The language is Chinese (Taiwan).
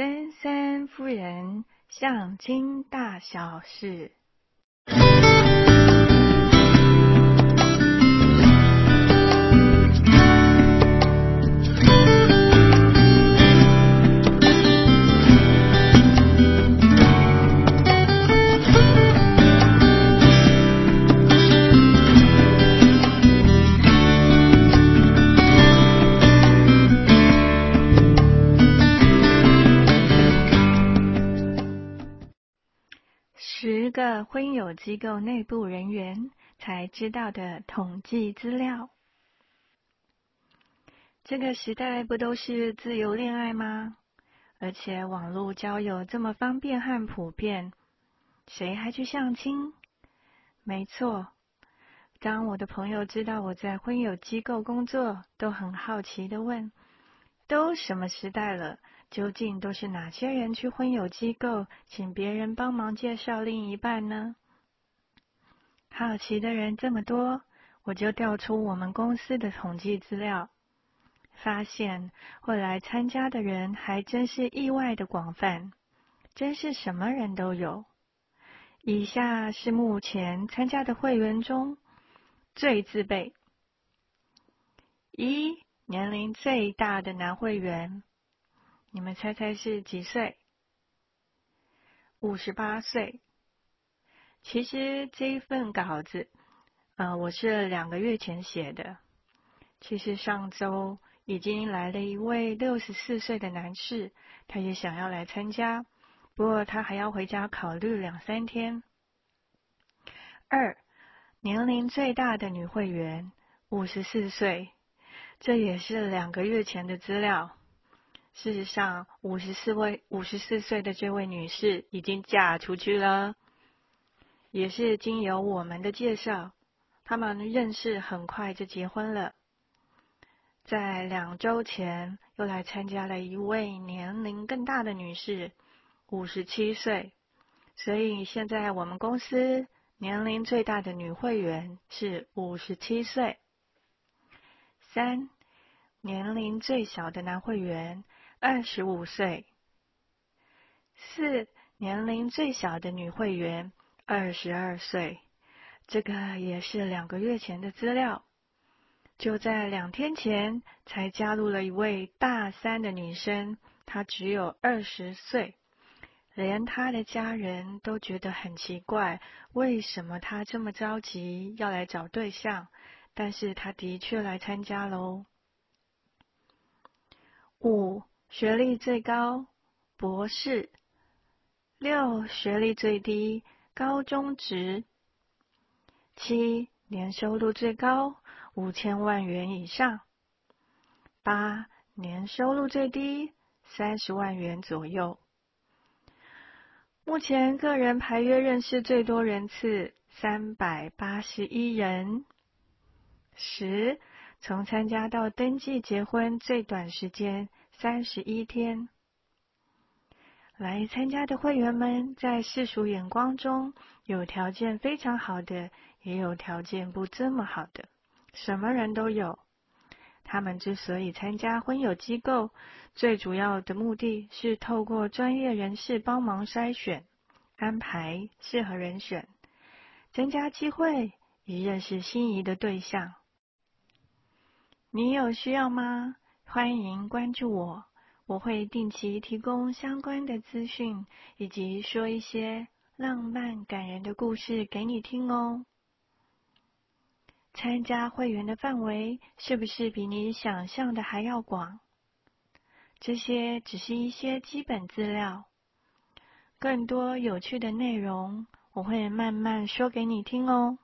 三三夫人，相親大小事。個婚友機構內部人員才知道的統計資料。這個時代不都是自由戀愛嗎？而且網絡交友這麼方便和普遍，誰還去相親？沒錯，當我的朋友知道我在婚友機構工作，都很好奇的問：都什麼時代了？究竟都是哪些人去婚友機構請別人幫忙介紹另一半呢？好奇的人這麼多，我就調出我們公司的統計資料，發現會來參加的人還真是意外的廣泛，真是什麼人都有。以下是目前參加的會員中最自卑。一、年齡最大的男會員。你們猜猜是幾歲？五十八歲。其實這一份稿子，呃，我是兩個月前寫的。其實上周已經來了一位六十四歲的男士，他也想要來參加，不過他還要回家考慮兩三天。二，年齡最大的女會員，五十四歲，這也是兩個月前的資料。事實上，五十四位五十四歲的這位女士已經嫁出去了，也是經由我們的介紹，他們認識很快就結婚了。在兩周前又來參加了一位年齡更大的女士，五十七歲，所以現在我們公司年齡最大的女會員是五十七歲，三。年齡最小的男會員。二十五歲，四，年齡最小的女會員，二十二歲，這個也是兩個月前的資料。就在兩天前，才加入了一位大三的女生，她只有二十歲，連她的家人都覺得很奇怪，為什麼她這麼着急要來找對象，但是她的確來參加嘍。五。學歷最高博士，六學歷最低高中職，七年收入最高五千萬元以上，八年收入最低三十萬元左右。目前個人排約認識最多人次三百八十一人，十從參加到登記結婚最短時間。三十一天。來參加的會員們，在世俗眼光中有條件非常好的，也有條件不這麼好的，什麼人都有。他們之所以參加婚友機構，最主要的目的是透過專業人士幫忙篩選、安排適合人選，增加機會，以認識心儀的對象。你有需要嗎？歡迎關注我，我會定期提供相關的資訊，以及說一些浪漫感人的故事給你聽哦。參加會員的範圍是不是比你想象的還要廣？這些只是一些基本資料，更多有趣的內容我會慢慢說給你聽哦。